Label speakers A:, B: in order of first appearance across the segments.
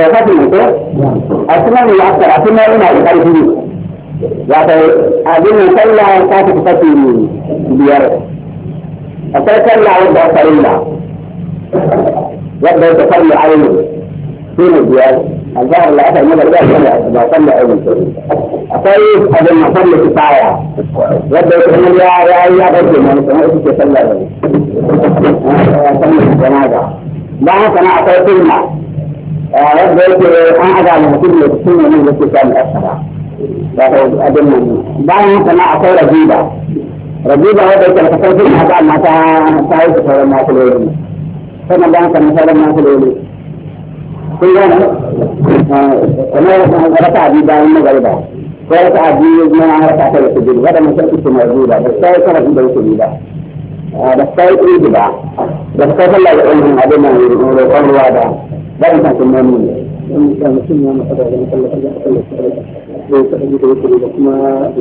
A: da kafi ko a sunan ya ta a sunan yana da karfi wato abin sallah ta fi kafi biyar akwai sallah wadda ta rilla wadda ta farli aini su ne biyar الظاهر اللي أتى النبي قال لا صلى أول أقول هذا ما صلى كفاية رد يقول يا يا يا بدر ما نسمعك صلى صلى الجنازة لا أنا أقول كلمة yadda yake an aga da mutum da cikin wani da ke sami asara da kai abin nan bayan sana akwai rabiba rabiba wadda yake da kasar jin haka amma ta ta yi su sauran masu lori sannan bayan sana sauran masu lori kun gane kamar rasa abi bayan magariba ko rasa abi na rasa ta da su gudu wadda mutum su mai gudu da sai kana da su ba. da sai ba da sai sallah da ɗan abin nan roƙon ruwa da لا ينفع المامون وان كان مسلما فقد لم يكلف الا يكلف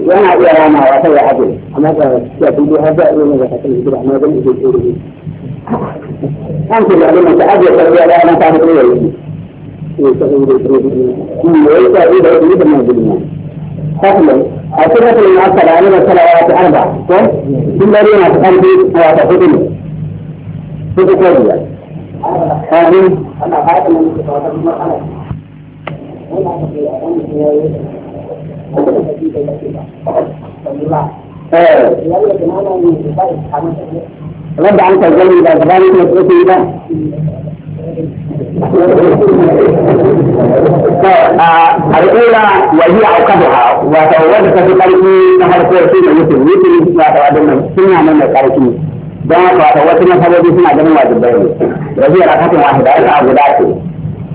A: وانا ارى ما اعطي عدل اما ياتي بها دائما ولا تكلف برحمه بل يجوز انت يا لما تعجب لا ما تعرف ليه وليس إذا أريد من الدنيا فصل أسرة المعصرة علم الصلوات أربع ثم الذين تقلبي أو تقلبي في الكوبية آمين رد عنك الجن إذا كذلك نتركه إلى الأولى وهي عقبها وتوجد في قلبي نهر كورسين مثل مثل ما توعدنا سنة من القرسين don haka wasu masabobi suna ganin wajibai ne rajiyar akatin wahida ita a guda ce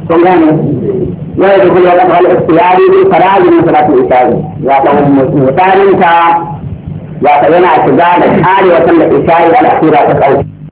A: kun gane yau da kuma wata kawai ikhtiyari ne farazi ne salatu isha'i wata mutarinta wata yana shiga da kare wata da isha'i al'asura ta kauce